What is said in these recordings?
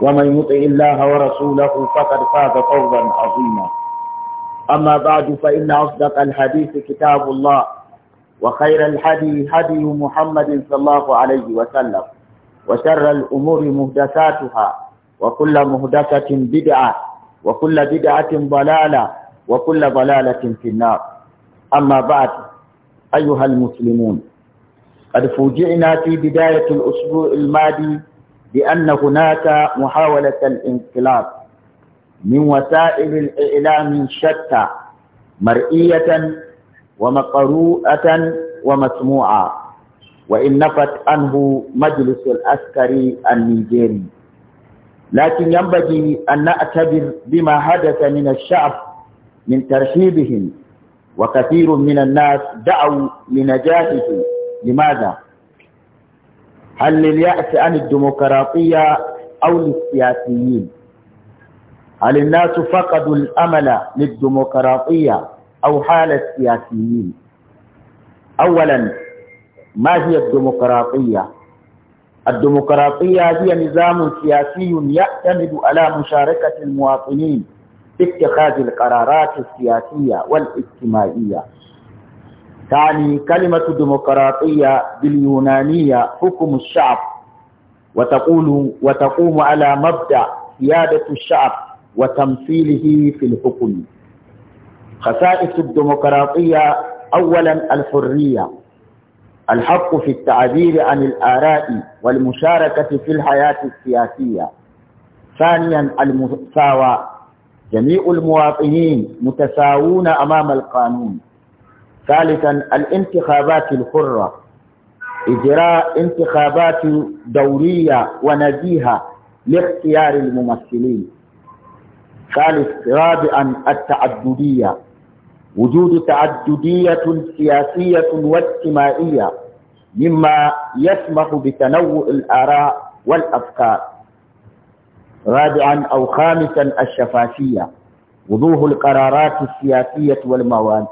ومن يطع الله ورسوله فقد فاز فوزا عظيما أما بعد فإن أصدق الحديث كتاب الله وخير الحدي هدي محمد صلى الله عليه وسلم وشر الأمور مهدساتها وكل مهدسة بدعة وكل بدعة ضلالة وكل ضلالة في النار أما بعد أيها المسلمون قد فوجئنا في بداية الأسبوع الماضي بأن هناك محاولة الانقلاب من وسائل الإعلام شتى مرئية ومقروءة ومسموعة وإن نفت عنه مجلس العسكري النيجيري لكن ينبغي أن نعتبر بما حدث من الشعب من ترحيبهم وكثير من الناس دعوا لنجاحه لماذا؟ هل لليأس عن الديمقراطية أو للسياسيين هل الناس فقدوا الأمل للديمقراطية أو حال السياسيين أولا ما هي الديمقراطية الديمقراطية هي نظام سياسي يعتمد على مشاركة المواطنين في اتخاذ القرارات السياسية والاجتماعية تعني كلمة ديمقراطية باليونانية حكم الشعب وتقول وتقوم على مبدأ سيادة الشعب وتمثيله في الحكم خصائص الديمقراطية أولا الحرية الحق في التعبير عن الآراء والمشاركة في الحياة السياسية ثانيا المساواة جميع المواطنين متساوون أمام القانون ثالثا الانتخابات الحرة إجراء انتخابات دورية ونزيهة لاختيار الممثلين ثالث رابعا التعددية وجود تعددية سياسية واجتماعية مما يسمح بتنوع الآراء والأفكار رابعا أو خامسا الشفافية وضوح القرارات السياسية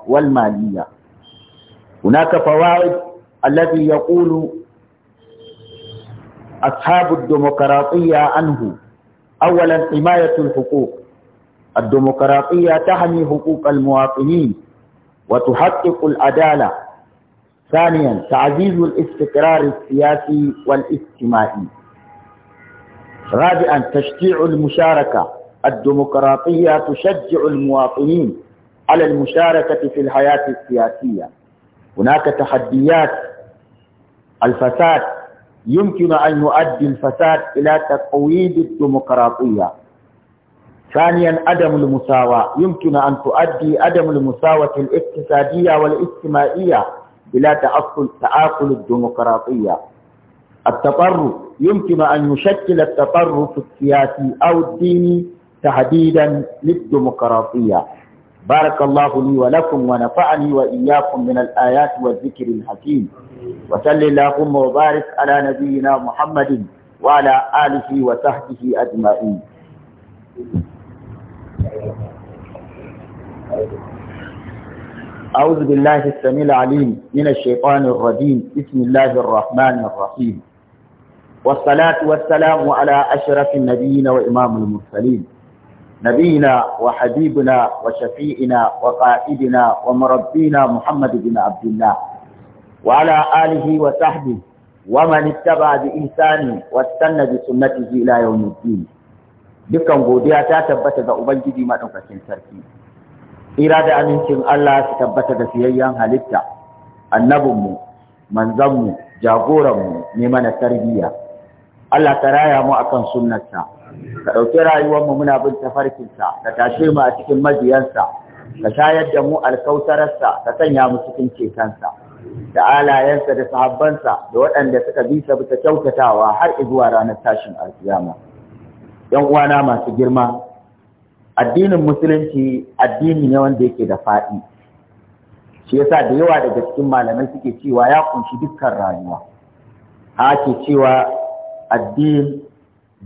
والمالية هناك فوائد الذي يقول أصحاب الديمقراطية عنه أولا حماية الحقوق الديمقراطية تحمي حقوق المواطنين وتحقق العدالة ثانيا تعزيز الاستقرار السياسي والاجتماعي رابعا تشجيع المشاركة الديمقراطية تشجع المواطنين على المشاركة في الحياة السياسية هناك تحديات الفساد يمكن أن يؤدي الفساد إلى تقويض الديمقراطية ثانيا عدم المساواة يمكن أن تؤدي عدم المساواة الاقتصادية والاجتماعية إلى تأصل تعاقل الديمقراطية التطرف يمكن أن يشكل التطرف السياسي أو الديني تهديدا للديمقراطية بارك الله لي ولكم ونفعني وإياكم من الآيات والذكر الحكيم وسل اللهم وبارك على نبينا محمد وعلى آله وصحبه أجمعين أعوذ بالله السميع العليم من الشيطان الرجيم بسم الله الرحمن الرحيم والصلاة والسلام على أشرف النبيين وإمام المرسلين نبينا وحبيبنا وشفيئنا وقائدنا ومربينا محمد بن عبد الله وعلى آله وصحبه ومن اتبع بإحسانه واستنى بسنته إلى يوم الدين dukkan godiya ta tabbata ga Ubangiji maɗaukakin sarki. Ira da amincin Allah su tabbata ga siyayyen halitta, annabinmu, manzanmu, jagoranmu ne mana tarbiyya. Allah ta raya mu akan sunnarsa ka ɗauki mu muna bin tafarkinsa ka tashe mu a cikin majiyarsa ka shayar da mu alkautararsa ka sanya mu cikin cetonsa da alayensa da sahabbansa da waɗanda suka bi sa bisa kyautatawa har zuwa ranar tashin alkiyama yan uwana masu girma addinin musulunci addini ne wanda yake da faɗi shi yasa da yawa daga cikin malamai suke cewa ya kunshi dukkan rayuwa ake cewa addin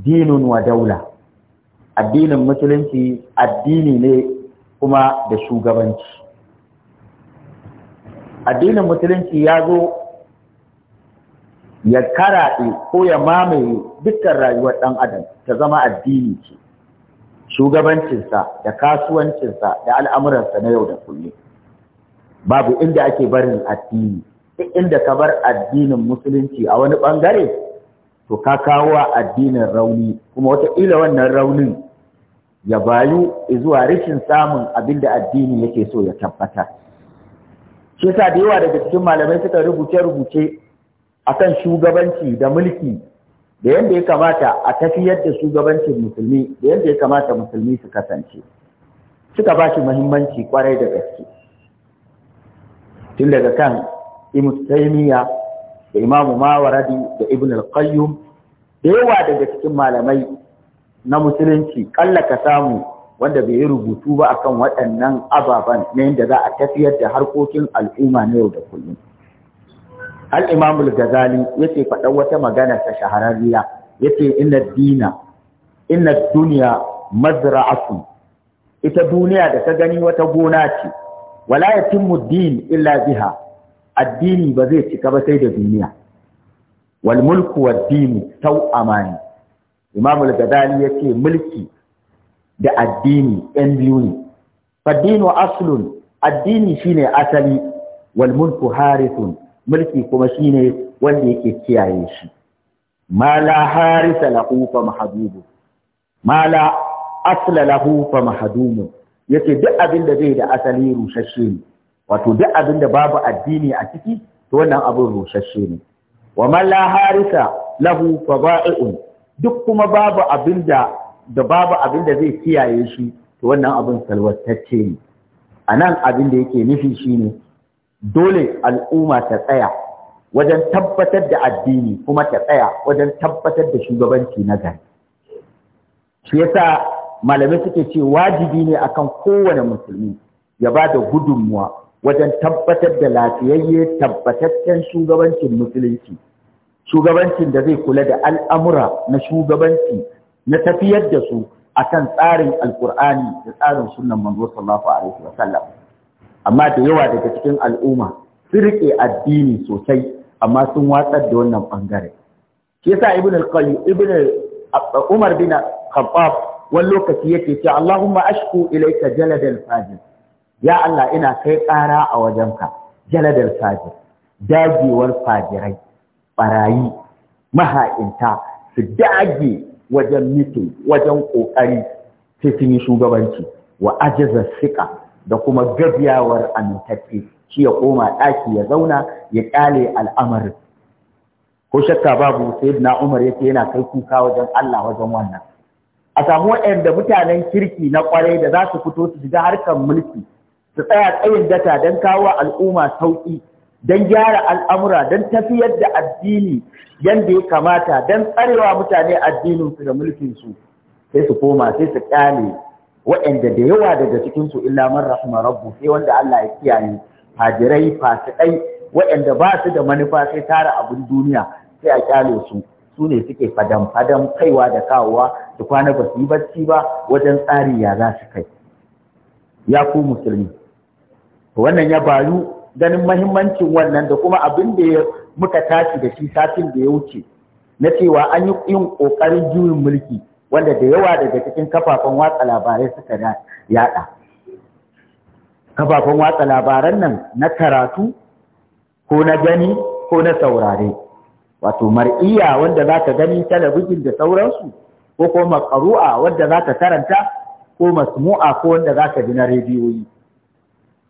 dinun wa daula addinin musulunci addini ne kuma da shugabanci addinin musulunci ya zo ya karaɗe ko ya mamaye dukkan rayuwar ɗan adam ta zama addini ce shugabancinsa da kasuwancinsa da al'amuransa na yau da kullum babu inda ake barin addini duk inda ka bar addinin musulunci a wani ɓangare to ka kawo addinin rauni kuma wata wataƙila wannan raunin ya bayu zuwa rashin samun abinda addini yake so ya tabbata shi sa da yawa daga cikin malamai suka rubuce-rubuce akan shugabanci da mulki da yadda ya kamata a tafi yadda shugabancin musulmi da yadda ya kamata musulmi su kasance suka ba shi muhimmanci kwarai da gaske tun daga kan imus da imamu mawaradi da ibn al-qayyum da yawa daga cikin malamai na musulunci kalla ka samu wanda bai yi rubutu ba akan waɗannan ababen na yadda za a tafiyar da harkokin al'umma na yau da kullum al-imamu al-ghazali yace faɗa wata magana ta shahararriya yace inna dina inna dunya mazra'atun ita duniya da ta gani wata gona ce wala yatimmu din illa biha addini ba zai cika ba sai da duniya wal mulku wad dini tau'amani imam al-gadali yace mulki da addini ɗan biyu ne faddinu aslun addini shine asali wal mulku harithun mulki kuma shine wanda yake kiyaye shi mala harisa lahu fa mahdubu mala asla lahu fa mahdumu yace duk abin da zai da asali rushashe ne wato duk abin da babu addini a ciki to wannan abin rusasshe ne wa man la harisa lahu fada'i'un duk kuma babu abin da da babu abin da zai kiyaye shi to wannan abin salwatacce ne anan abin da yake nufi shine dole al'umma ta tsaya wajen tabbatar da addini kuma ta tsaya wajen tabbatar da shugabanci na gari shi yasa malamai suke ce wajibi ne akan kowane musulmi ya ba da gudunmuwa wajen tabbatar da lafiyayye tabbataccen shugabancin musulunci shugabancin da zai kula da al'amura na shugabanci na tafiyar da su akan tsarin alkur'ani da tsarin sunan manzo sallallahu alaihi wasallam amma da yawa daga cikin al'umma sun riƙe addini sosai amma sun watsar da wannan bangare shi yasa ibn al-qayyim ibn umar bin khattab wani lokaci yake ce Allahumma ashku ilayka jaladal fajir ya Allah ina kai ƙara a wajenka jaladar fajir dagewar fajirai barayi maha'inta su dage wajen mito wajen ƙoƙari sai shugabanci wa ajizar siƙa da kuma gabiyawar amintacce shi ya koma ɗaki ya zauna ya ƙyale al'amarin ko shakka babu sai na umar yake yana kai kuka wajen Allah wajen wannan a samu waɗanda mutanen kirki na ƙwarai da za su fito su shiga harkar mulki su tsaya tsayin data don kawo al'umma sauƙi don gyara al'amura don tafiyar da addini yadda ya kamata don tsarewa mutane addininsu da mulkinsu sai su koma sai su ƙyale waɗanda da yawa daga cikinsu illa man rahma rabbu sai wanda Allah ya kiyaye hajirai fasikai waɗanda ba su da manufa sai tara abin duniya sai a ƙyale su su ne suke fadam fadam kaiwa da kawowa su kwana ba su yi bacci ba wajen tsari ya za su kai ya ku musulmi wannan ya bayu ganin mahimmancin wannan da kuma abin da muka tashi da shi satin da ya wuce na cewa an yi yin ƙoƙarin juyin mulki wanda da yawa daga cikin kafafen watsa labarai suka yada kafafen watsa labaran nan na karatu ko na gani ko na saurare wato mar'iya wanda za ka gani talabijin da sauransu ko kuma makaru'a wanda za ka karanta ko masmu'a ko wanda za ka bi na rediyoyi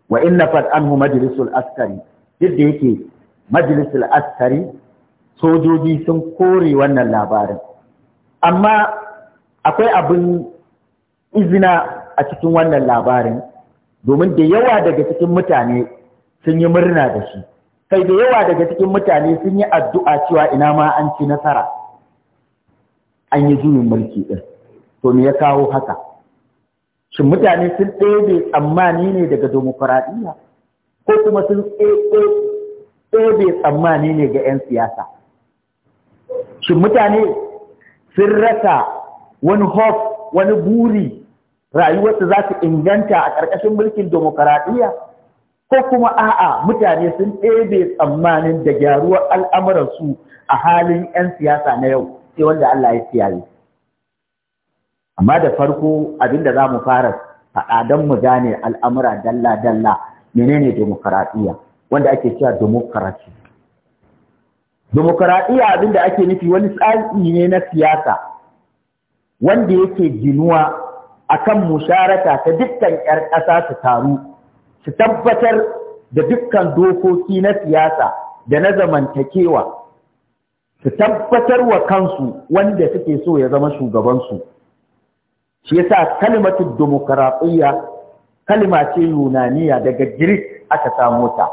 wa inna fad anhu majlisul askari duk da yake majlisul askari sojoji sun kore wannan labarin amma akwai abin izina a cikin wannan labarin domin da yawa daga cikin mutane sun yi murna da shi kai da yawa daga cikin mutane sun yi addu'a cewa ina ma an ci nasara an yi juyin mulki din. to me ya kawo haka shin mutane sun ɗebe tsammani ne daga demokuraɗiyya ko kuma sun ɗebe tsammani ne ga 'yan siyasa shin mutane sun rasa wani hof wani buri rayuwarsu za su inganta a ƙarƙashin mulkin demokuraɗiyya ko kuma a'a mutane sun ɗebe tsammanin da gyaruwar al'amuransu a halin 'yan siyasa na yau sai wanda Allah ya yi. amma da farko abinda za mu fara faɗa don mu gane al'amura dalla-dalla menene demokaraɗiyya wanda ake cewa demokarasi abin abinda ake nufi wani tsari ne na siyasa wanda yake ginuwa akan musharata ta dukkan 'yar ƙasa su taru su tabbatar da dukkan dokoki na siyasa da na zamantakewa su tabbatar wa kansu wanda suke so ya zama shugabansu shi yasa kalimatu demokratiya kalima ce yunaniya daga Girik, aka samo ta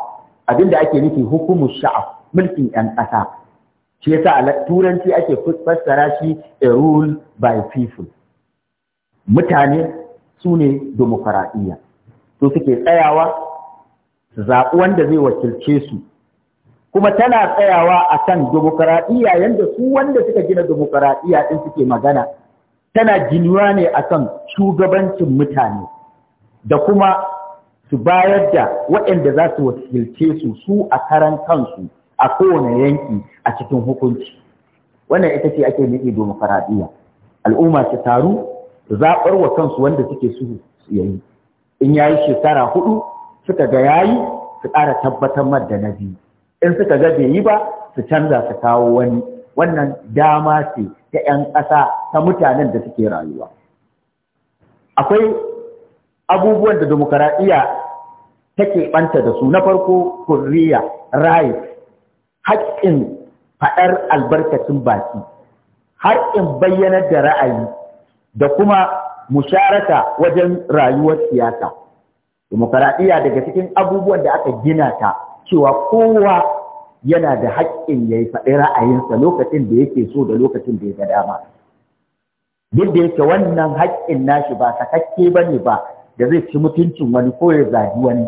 abinda ake nufi hukumu sha'ab mulkin yan ƙasa shi yasa a turanci ake fassara shi a rule by people mutane su ne demokaraɗiyya to suke tsayawa su zaɓi wanda zai wakilce su kuma tana tsayawa a kan demokaraɗiyya yadda su wanda suka gina demokaraɗiyya ɗin suke magana tana jiniwa ne a kan shugabancin mutane da kuma su bayar da waɗanda za su wakilce su su a karan kansu a kowane yanki a cikin hukunci wannan ita ce ake nufi dimokuraɗiyya al'umma su taru su zaɓar wa kansu wanda suke su yayi in ya yi shekara hudu suka ga yayi su ƙara tabbatar mar da na biyu in suka ga bai yi ba su canza su kawo wani wannan dama ce ta 'yan ƙasa ta mutanen da suke rayuwa akwai abubuwan da demokaradiyya take ɓanta da su na farko kuriya right haƙƙin faɗar albarkacin baki haƙƙin bayyanar da ra'ayi da kuma musharaka wajen rayuwar siyasa demokaradiyya daga cikin abubuwan da aka gina ta cewa kowa yana da haƙƙin ya yi faɗi ra'ayinsa lokacin da yake so da lokacin da ya ga dama duk da yake wannan haƙƙin nashi ba sakakke ba ne ba da zai ci mutuncin wani ko ya zagi wani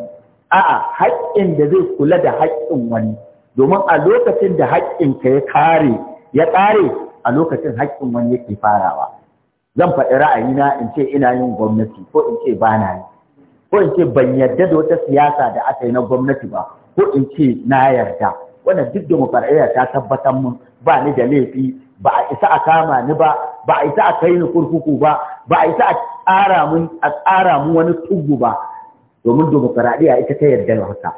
a'a haƙƙin da zai kula da haƙƙin wani domin a lokacin da haƙƙin ka ya kare ya ƙare a lokacin haƙƙin wani yake farawa zan faɗi ra'ayina in ce ina yin gwamnati ko in ce ba na ko in ce ban yarda da wata siyasa da aka yi na gwamnati ba ko in ce na yarda wannan duk dimokuraɗiyya ta tabbatar mun ba ni da laifi ba a isa a kama ni ba ba a isa a kai ni kurkuku ba ba a isa a tsara mun a tsara mun wani tugu ba domin dimokuraɗiyya ita ta yarda da haka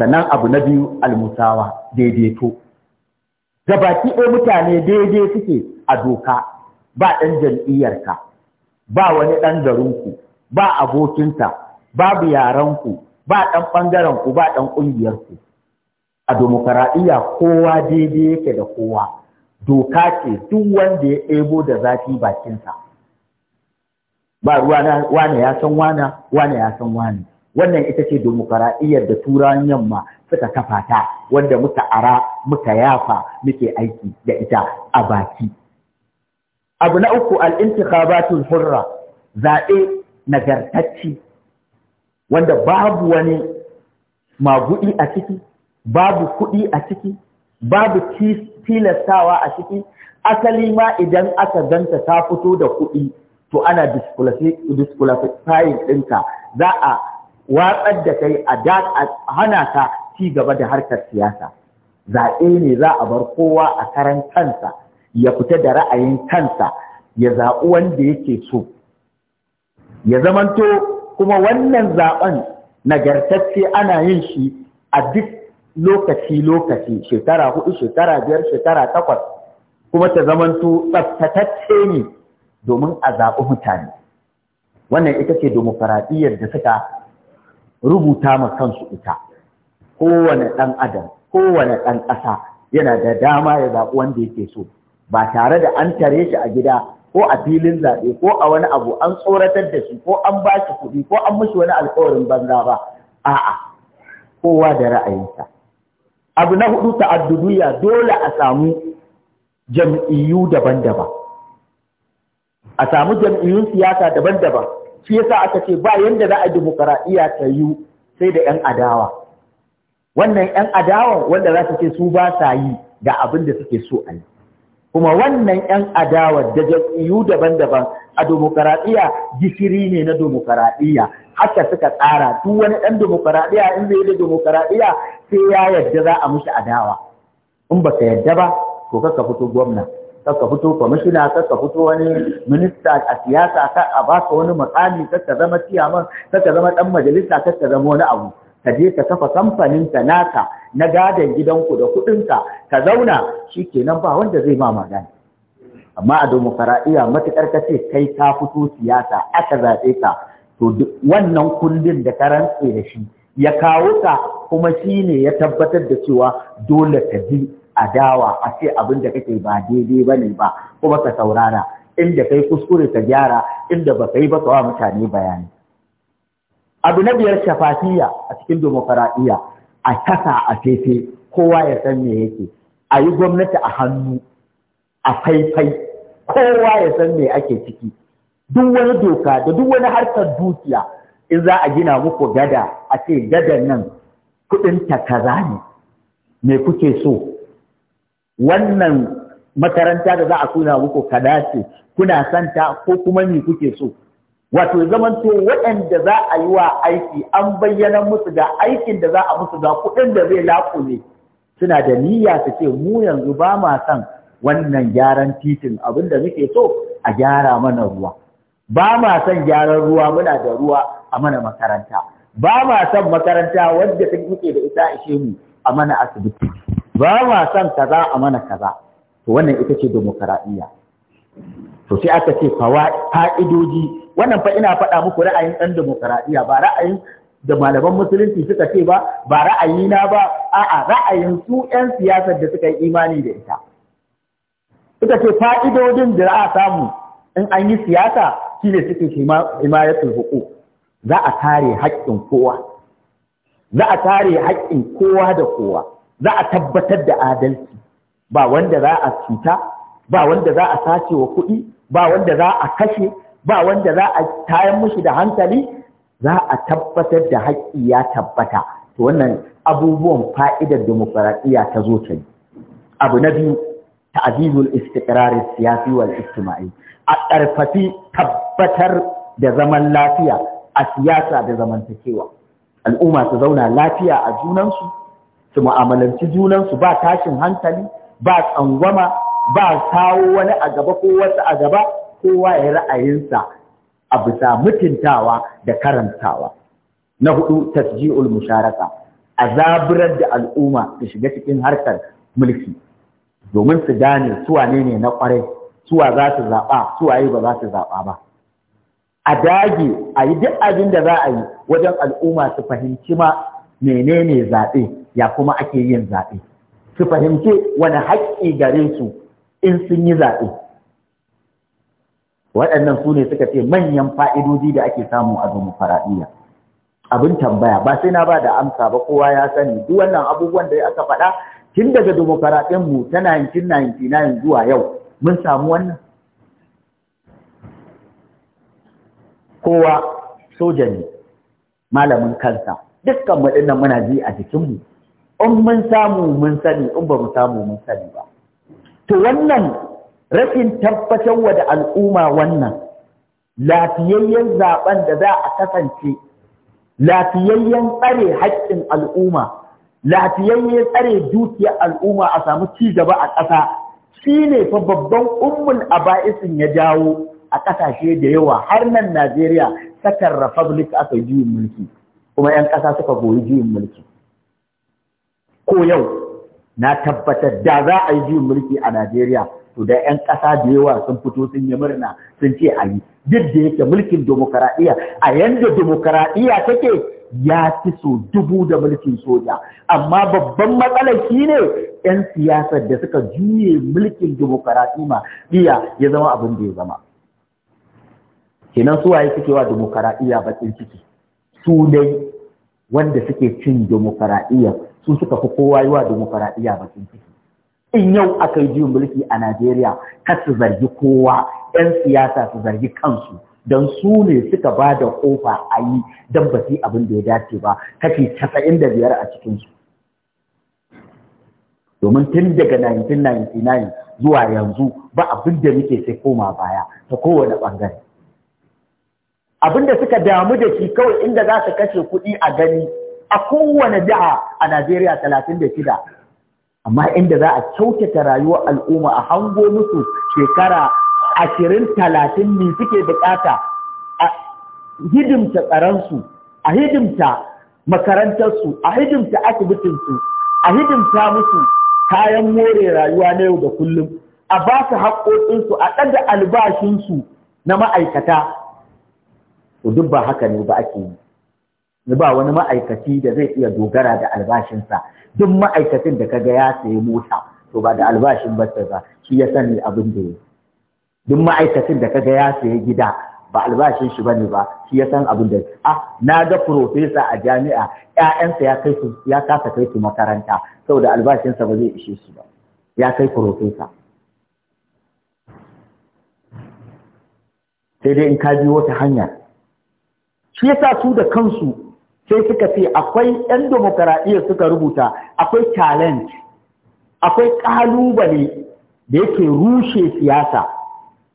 sannan abu na biyu almusawa daidaito gabaki ɗaya mutane daidai suke a doka ba ɗan jam'iyyarka ba wani ɗan ku, ba abokinka babu ku, ba ɗan ɓangarenku ba ɗan ku. a demokaraɗiyya kowa daidai yake da kowa doka ce duk wanda ya ɗebo da zafi bakinsa ba wane ya san wana wane ya san wane wannan ita ce demokaraɗiyyar da turawan yamma suka kafa ta wanda muka ara muka yafa muke aiki da ita a baki abu na uku al'intikabatul hurra zaɓe nagartacci wanda babu wani magudi a ciki babu kuɗi a ciki babu tilastawa a ciki asali ma idan aka ganta ta fito da kuɗi to ana disqualifying ɗinka za a watsar da kai a hana ka ci gaba da harkar siyasa zaɓe ne za a bar kowa a karan kansa ya fita da ra'ayin kansa ya zaɓi wanda yake so ya zamanto kuma wannan zaɓen nagartacce ana yin shi a duk lokaci-lokaci shekara hudu shekara biyar shekara takwas kuma ta zamanto tsaftatacce ne domin a zaɓi mutane wannan ita ce demokaradiyyar da suka rubuta ma kansu ita kowane ɗan adam kowane ɗan ƙasa yana da dama ya zaɓi wanda yake so ba tare da an tare shi a gida ko a filin zaɓe ko a wani abu an tsoratar da shi ko an ba shi kuɗi ko an mushi wani alkawarin banza ba a'a kowa da ra'ayinsa abu na hudu ta'addudiya dole a samu jam'iyyu daban-daban a samu jam'iyyun siyasa daban-daban shi yasa aka ce ba yanda za a dimokuraɗiyya ta yi sai da 'yan adawa wannan 'yan adawa wanda za su ce su ba sa yi da abin da suke so a yi kuma wannan 'yan adawa da jam'iyyu daban-daban a demokaradiyya gishiri ne na demokaradiyya haka suka tsara duk wani ɗan demokaradiyya in zai da demokaradiyya sai ya yarda za a mushi adawa in ba ka yarda ba to kaka fito gwamna kaka fito kwamishina kaka fito wani minista a siyasa ka a baka wani makami kaka zama ciyaman kaka zama ɗan majalisa kaka zama wani abu ka je ka kafa kamfanin ka naka na gadon gidanku da kuɗinka ka zauna Shikenan ba wanda zai ma magana amma a dimokuraɗiyya matukar ka ce kai ka fito siyasa aka zaɓe ka to wannan kundin da ka rantse da shi ya kawo ka kuma shi ne ya tabbatar da cewa dole ka ji adawa a ce abin da kake ba daidai ba ne ba kuma ka saurara inda kai kuskure ka gyara inda ba kai ba ka wa mutane bayani abu na biyar shafafiya a cikin demokaradiyya a kasa a fefe kowa ya san me yake a yi gwamnati a hannu a faifai kowa ya san me ake ciki duk wani doka da duk wani harkar dukiya in za a gina muku gada a ce gadan nan kudin kaza ne me kuke so wannan makaranta da za a kuna muku kada ce kuna santa ko kuma me kuke so wato zamanto waɗanda za a yi wa aiki an bayyana musu ga aikin da za a musu ga kuɗin da zai ne suna da niyya su ce mu yanzu ba ma son wannan gyaran titin abin da muke so a gyara mana ruwa ba ma son gyaran ruwa muna da ruwa a mana makaranta ba ma son makaranta wanda ta muke da ita ishe mu a mana asibiti ba ma son kaza a mana kaza to wannan ita ce demokaradiyya to sai aka ce fa'idoji wannan fa ina faɗa muku ra'ayin ɗan demokaradiyya ba ra'ayin da malaman musulunci suka ce ba ba na ba a'a ra'ayin su 'yan siyasar da suka yi imani da ita suka ce fa'idodin da za a samu in an yi siyasa shine suke himayatul huku za a kare haƙƙin kowa za a kare haƙƙin kowa da kowa za a tabbatar da adalci ba wanda za a cuta ba wanda za a sace wa kuɗi ba wanda za a kashe ba wanda za a tayan mushi da hankali za a tabbatar da haƙƙi ya tabbata to wannan abubuwan fa'idar dimokuraɗiyya ta zo ta yi abu na biyu ta'azizul istiqrar siyasi wal ijtima'i a ƙarfafi tabbatar da zaman lafiya a siyasa da zamantakewa al'umma su zauna lafiya a junansu su mu'amalanci junansu ba tashin hankali ba tsangwama ba kawo wani a gaba ko wasu a gaba kowa ya ra'ayinsa a bisa mutuntawa da karantawa na hudu tasji'ul musharaka a zaburar da al'umma su shiga cikin harkar mulki domin su gane suwa ne ne na kwarai suwa za su zaɓa yi ba za su zaɓa ba a dage a yi duk abin da za a yi wajen al'umma su fahimci ma menene zaɓe ya kuma ake yin zaɓe su fahimci wani haƙƙi gare su in sun yi zaɓe waɗannan su ne suka ce manyan fa'idodi da ake samu a faraɗiya abin tambaya ba sai na ba da amsa ba kowa ya sani duk wannan abubuwan da aka faɗa tun daga dimokuraɗin ta 1999 zuwa yau mun samu wannan kowa soja ne malamin kansa dukkan mu muna ji a jikinmu in mun samu mun sani in ba mu samu mun sani ba to wannan rashin tabbatar wa da al'umma wannan lafiyayyen zaben da za a kasance lafiyayyen tsare haƙƙin al'umma lafiyayyen tsare dukiyar al'umma a samu ci gaba a ƙasa shi ne fa babban a aba'isin ya jawo a ƙasashe da yawa har nan Najeriya sakar republic aka yi juyin mulki kuma 'yan ƙasa suka goyi juyin mulki ko yau na tabbatar da za a yi juyin mulki a Najeriya to da 'yan ƙasa da yawa sun fito sun yi murna sun ce a yi duk da yake mulkin demokaradiyya a yanda demokaradiyya take ya fi so dubu da mulkin soja amma babban matsalar shi ne 'yan siyasar da suka juye mulkin iya ya zama abin da ya zama kenan su waye suke wa demokaradiyya bakin ciki su ne wanda suke cin demokaradiyya su suka fi kowa yi wa dimokuraɗiyya bakin ciki in yau aka yi juyin mulki a Najeriya ka su zargi kowa 'yan siyasa su zargi kansu don su ne suka ba da ƙofa a yi don ba su abin da ya dace ba kashi casa'in da biyar a cikinsu domin tun daga 1999 zuwa yanzu ba abin da muke sai koma baya ta kowane ɓangare abin da suka damu da shi kawai inda za su kashe kuɗi a gani a kowane jiha a Najeriya talatin da shida. Amma inda za a kyautata rayuwar al'umma a hango musu shekara ashirin talatin ne suke bukata a hidimta tsaransu, a hidimta makarantarsu, a hidimta asibitinsu, a hidimta musu kayan more rayuwa na yau da kullum, a ba su haƙoƙinsu, a ɗaga albashinsu na ma'aikata. To duk ba haka ne ba ake yi. ba wani ma'aikaci da zai iya dogara da albashinsa duk ma'aikacin da kaga ya sayi mota to ba da albashin ba ba shi ya sani abin da ya duk ma'aikacin da kaga ya sayi gida ba albashin shi bane ba shi ya san abin da ah na ga profesa a jami'a ƴaƴansa ya kai su ya kasa kai su makaranta saboda albashinsa ba zai ishe su ba ya kai profesa sai dai in ka bi wata hanya shi yasa su da kansu sai suka ce akwai 'yan demokaraɗiyya suka rubuta akwai challenge akwai ƙalubale da yake rushe siyasa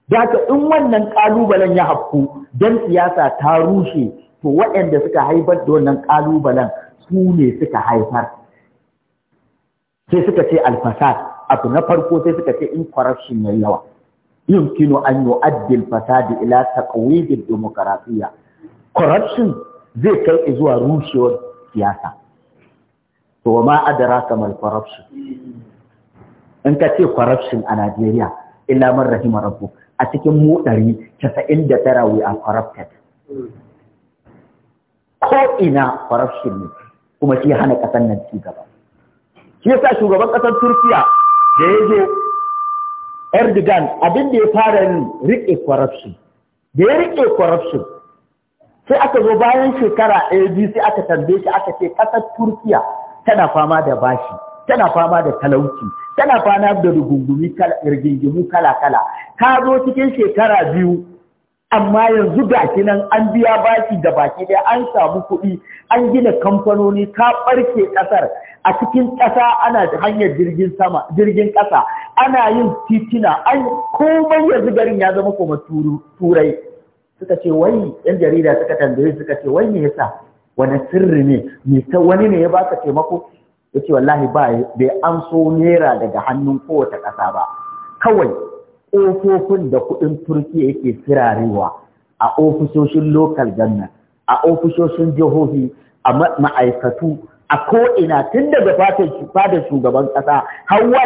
daga in wannan ƙalubalen ya hafku don siyasa ta rushe to waɗanda suka haifar da wannan ƙalubalen su ne suka haifar sai suka ce alfasad abu na farko sai suka ce in corruption ya yawa yumkinu an yu'addi alfasad ila taqwid ad-demokrasiyya corruption zai kai zuwa rushewar siyasa to wa ma adara kamar corruption in ka ce corruption a Najeriya illa man rahima rabbu a cikin mu 199 we are corrupted ko ina corruption ne kuma shi hana kasar nan ci gaba shi yasa shugaban kasar Turkiya da ya je Erdogan abin da ya fara yin rike corruption da ya rike corruption sai aka zo bayan shekara ɗaya biyu sai aka tambaye shi aka ce ƙasar turkiya tana fama da bashi tana fama da talauci tana fama da rigungumi kala-kala ka zo cikin shekara biyu amma yanzu ga nan an biya bashi da baki ɗaya an samu kuɗi an gina kamfanoni ka ɓarke ƙasar a cikin ƙasa ana da hanyar jirgin sama jirgin ƙasa ana yin titina an komai yanzu garin ya zama kuma turai suka ce wai yan jarida suka tambaye suka ce wai me yasa wani sirri ne me ta wani ne ya baka taimako yace wallahi ba bai amso naira daga hannun kowace ƙasa ba kawai ofofin da kuɗin turkiya yake sirarewa a ofisoshin lokal government a ofisoshin jihohi a ma'aikatu a ko'ina tun daga fadar shugaban ƙasa hawa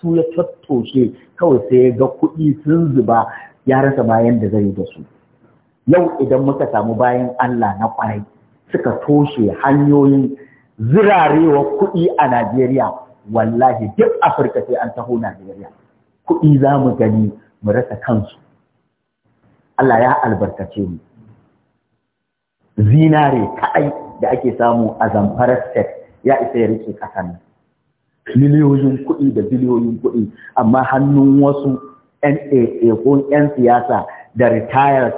su ya tattoshe kawai sai ya ga kuɗi sun zuba ya rasa bayan da zai da su yau idan muka samu bayan Allah na kwarai suka toshe hanyoyin zirarewa kuɗi a Najeriya wallahi duk Afirka sai an taho Najeriya kuɗi za mu gani mu rasa kansu Allah ya albarkace mu zinare kaɗai da ake samu a zamfara state ya isa ya rike ƙasar miliyoyin kuɗi da biliyoyin kuɗi amma hannun wasu NAA ko 'yan siyasa da retired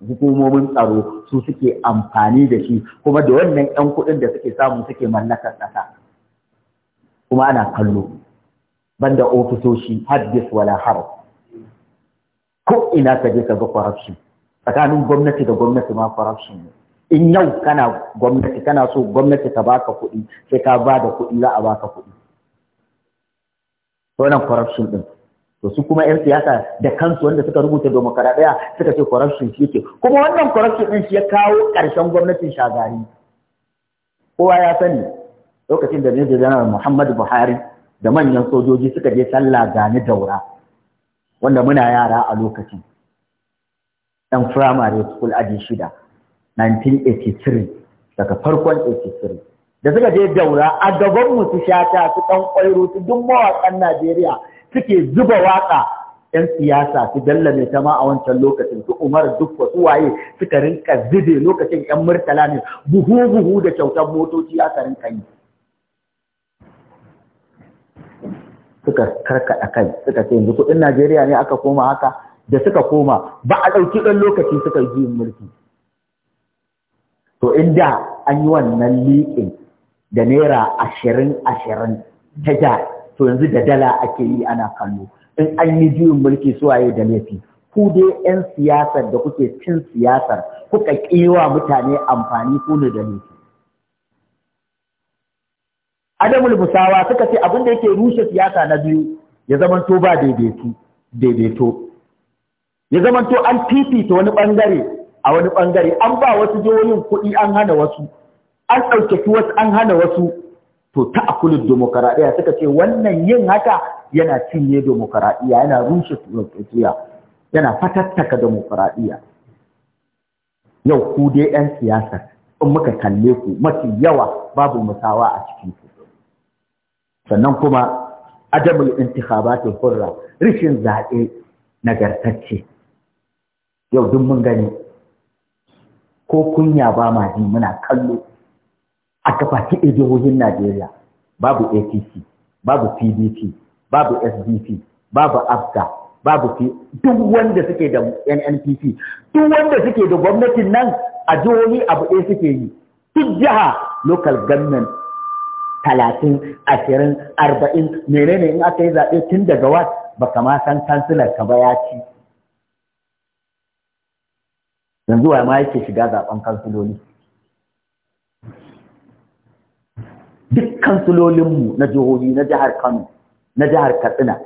hukumomin tsaro su suke amfani da shi kuma da wannan 'yan kuɗin da suke samu suke mallakar ƙasa kuma ana kallo banda ofisoshi haddis wala har ko ina ka je ka ga corruption tsakanin gwamnati da gwamnati ma corruption ne in yau kana gwamnati kana so gwamnati ta baka kuɗi sai ka bada kuɗi za a baka kuɗi wannan corruption din to su kuma yan siyasa da kansu wanda suka rubuta demokaradiyya suka ce corruption shi yake kuma wannan corruption din shi ya kawo ƙarshen gwamnatin shagari kowa ya sani lokacin da zai janar Muhammadu Buhari da manyan sojoji suka je sallah gani daura wanda muna yara a lokacin ɗan firamare school aji shida 1983 daga farkon 83 da suka je daura a gaban su shata su ɗan ƙwairo su duk mawaƙan Najeriya suke zuba waka yan siyasa su dalla mai ma a wancan lokacin su umar duk wasu waye suka rinka zube lokacin yan murtala ne buhu buhu da kyautar motoci aka rinka yi suka karkaɗa kai suka ce yanzu kudin Najeriya ne aka koma haka da suka koma ba a ɗauki ɗan lokaci suka yi juyin mulki to inda an yi wannan liƙin da naira ashirin ashirin ta to yanzu da dala ake yi ana kallo in an yi juyin mulki suwaye da laifi ku dai 'yan siyasar da kuke cin siyasar kuka kewa mutane amfani ku ne da laifi adamul musawa suka ce abin da yake rushe siyasa na biyu ya zamanto ba daidaito daidaito ya zamanto an fifita wani bangare a wani bangare an ba wasu jihohin kuɗi an hana wasu an ɗaukaki wasu an hana wasu to ta akulin demokaradiyya suka ce wannan yin haka yana cinye demokaradiyya yana rushe demokaradiyya yana fatattaka demokaradiyya yau ku dai 'yan siyasa in muka kalle ku mafi yawa babu musawa a cikin ku sannan kuma adamul intikhabatul hurra rishin zaɓe nagartacce yau duk mun gani ko kunya ba ma ji muna kallo a gabaki ɗaya jihohin Najeriya babu APC, babu PDP, babu SDP, babu ABSA, babu P duk wanda suke da NNPP, duk wanda suke da gwamnatin nan a jihohi abu ɗaya suke yi. Duk jiha local government talatin, ashirin, arba'in, menene in aka yi zaɓe tun daga wat ba kama san kansilar ka ba ya ci. Yanzu wa ma yake shiga zaɓen kansiloli. duk kansulolinmu na jihohi na jihar Kano na jihar Katsina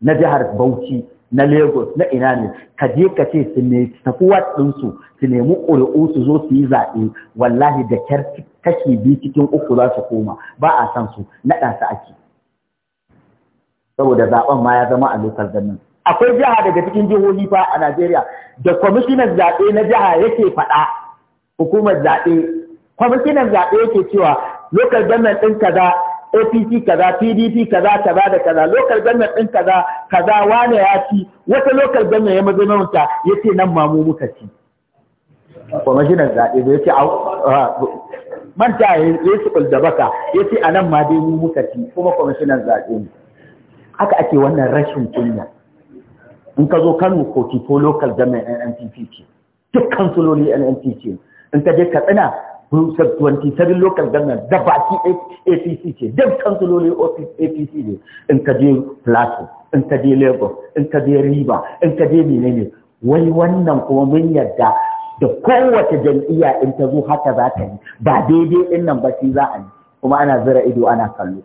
na jihar Bauchi na Lagos na ina ne ka je ka ce su ne tafi ɗinsu su nemi ƙuri'u su zo su yi zaɓe wallahi da kyar kashi biyu cikin uku za su koma ba a san su naɗa su ake saboda zaɓen ma ya zama a lokal ganin akwai jiha daga cikin jihohi fa a Najeriya da kwamishinan zaɓe na jiha yake faɗa hukumar zaɓe kwamishinan zaɓe yake cewa local government ɗin kaza APC kaza PDP kaza kaza da kaza local government ɗin kaza kaza wane ya ci wata local government ya mazo mamanta ya ce nan ma mu muka ci kwamishinan zaɓe ba ya ce manta ya yi da baka ya ce a nan ma dai mu muka ci kuma kwamishinan zaɓe ne haka ake wannan rashin kunya in ka zo kano ko ko local government NNPP ce duk kansuloli NNPP in ka je katsina 27 local government da baki apc ce duk ofis apc ne in ka je plateau in ka je lagos in ka je riba in ka je ne, wai wannan kuma mun yadda da kowace jam'iyya in ta zo haka za ta yi ba daidai din nan ba shi za a yi kuma ana zira ido ana kallo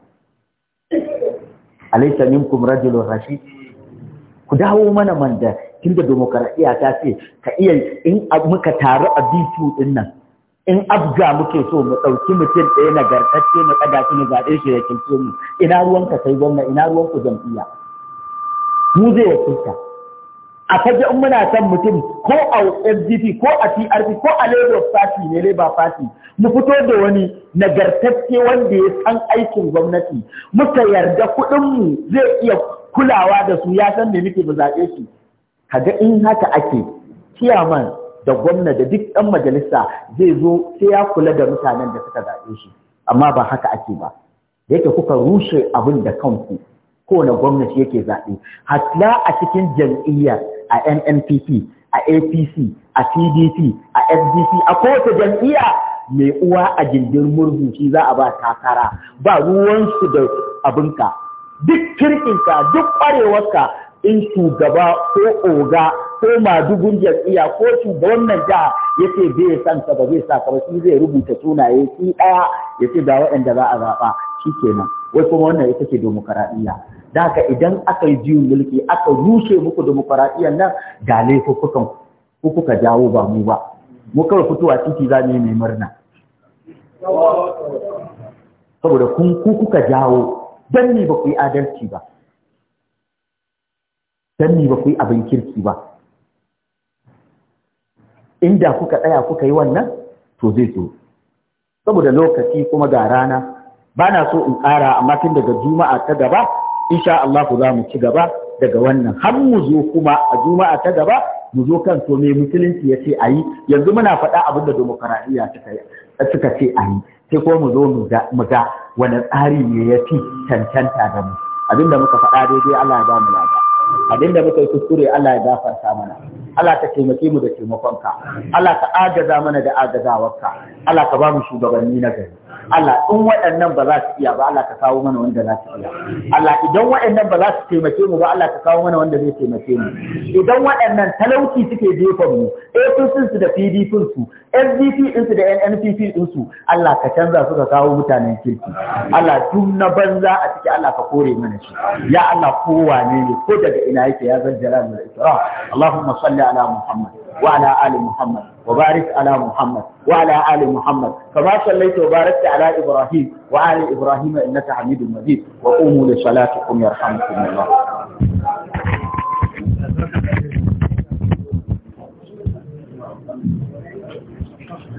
alaisa minkum rajulun rashid ku dawo mana man da tunda demokaradiyya ta ce ka iya in muka taru a bitu din nan in abga muke so mu ɗauki mutum ɗaya nagartacce mu ɗaga shi mu zaɓe shi ya kinto mu ina ruwan ka sai gwamna ina ruwan ku jam'iyya mu zai kinta a kaje in muna son mutum ko a FDP ko a trp ko a Labour Party ne Labour Party mu fito da wani nagartacce wanda ya san aikin gwamnati muka yarda kuɗin mu zai iya kulawa da su ya san me muke mu zaɓe shi kaga in haka ake ciyaman da gwamna da duk ɗan majalisa zai zo sai ya kula da mutanen da suka zaɓe shi amma ba haka ake ba da yake kuka rushe abin da kanku kowane gwamnati yake zaɓe hatta a cikin jam'iyyar a NNPP a APC a PDP a FDP a kowace jam'iyya mai uwa a gindin murhu shi za a ba takara ba ruwansu da abinka duk kirkinka duk ƙwarewarka in shugaba ko oga ko madugun jam'iyya ko nan jiha ya ce bai san ka ba zai sa ka ba shi zai rubuta sunaye shi ɗaya ya ce ga waɗanda za a zaɓa shi kenan wai kuma wannan ita ce demokaradiyya da haka idan aka yi jiwon mulki aka rushe muku demokaradiyyar nan ga laifukan ku kuka jawo ba mu ba mu kawai fitowa titi za mu yi mai murna saboda kun ku kuka jawo dan ne ba ku yi adalci ba dan ne ba ku yi abin kirki ba inda kuka tsaya kuka yi wannan to zai so saboda lokaci kuma ga rana ba na so in ƙara amma tun daga juma'a ta gaba insha Allah za mu ci gaba daga wannan har mu zo kuma a juma'a ta gaba mu zo kan to me musulunci ya ce a yi yanzu muna faɗa abin da demokaradiyya suka ce a yi sai ko mu zo mu ga wani tsari ne ya fi cancanta da mu abinda muka faɗa daidai Allah ya ba mu lada abinda muka yi kuskure Allah ya gafarta mana Allah ta taimake mu da taimakonka Allah ka agaza mana da agazawarka Allah ka ba mu shugabanni na gari Allah in waɗannan ba za su iya ba Allah ka kawo mana wanda za su iya Allah idan waɗannan ba za su taimake mu ba Allah ka kawo mana wanda zai taimake mu idan waɗannan talauci suke jefa mu APC su da PDP su SDP din su da NNPP din su Allah ka canza su ka kawo mutanen kirki Allah duk na banza a ciki Allah ka kore mana shi ya Allah kowane ne ko daga ina yake ya zan jalal da ikram Allahumma salli ala Muhammad wa ala ali Muhammad وبارك على محمد وعلى آل محمد كما صليت وباركت على إبراهيم وآل إبراهيم إنك حميد مجيد وقوموا لصلاتكم يرحمكم الله